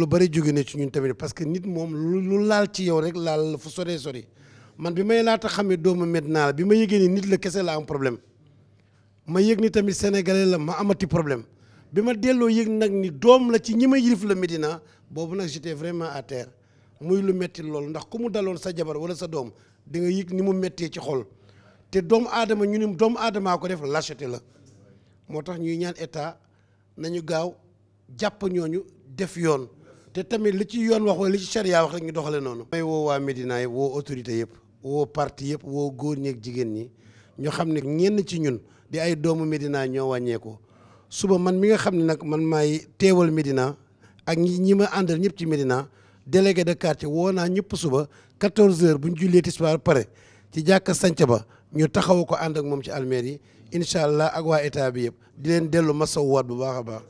lu bëri jóge na ci ñun tamit parce que nit moom lu laal ci yow rek laal fu sore sori man bi may laata xamee doomu Médina la bi ma yëgee ni nit la kese la am problème ma yëg ni tamit sénégalais la ma amati problème bi ma delloo yëg nag ni doom la ci ñi ma yilif la Médina boobu nag j'étais vraiment à muy lu metti loolu ndax ku mu daloon sa jabar wala sa doom di nga yëg ni mu méttee ci xol te doomu aadama ñu ni doomu aadamaa ko def lâcheté la moo tax ñuy ñaan état nañu gaaw jàpp ñooñu def yoon te tamit li ci yoon wax wala li ci charia wax rek ñu doxale noonu may woo waa Médina yëpp woo autorité yëpp woo parti yëpp woo góor ñeeg jigéen ñi ñu xam ne ñenn ci ñun di ay doomu Médina ñoo wàññeeku suba man mi nga xam ni nag man may teewal Médina ak ñi ñi ma àndal ñëpp ci Médina délégué de quartier woo naa ñëpp suba 14h bu ñu jullee tisbaar pare ci jàkk sanc ba ñu taxaw ko ànd ak moom ci almeer yi incha allah ak waa état bi yëpp di leen dellu masawu waat bu baax a baax.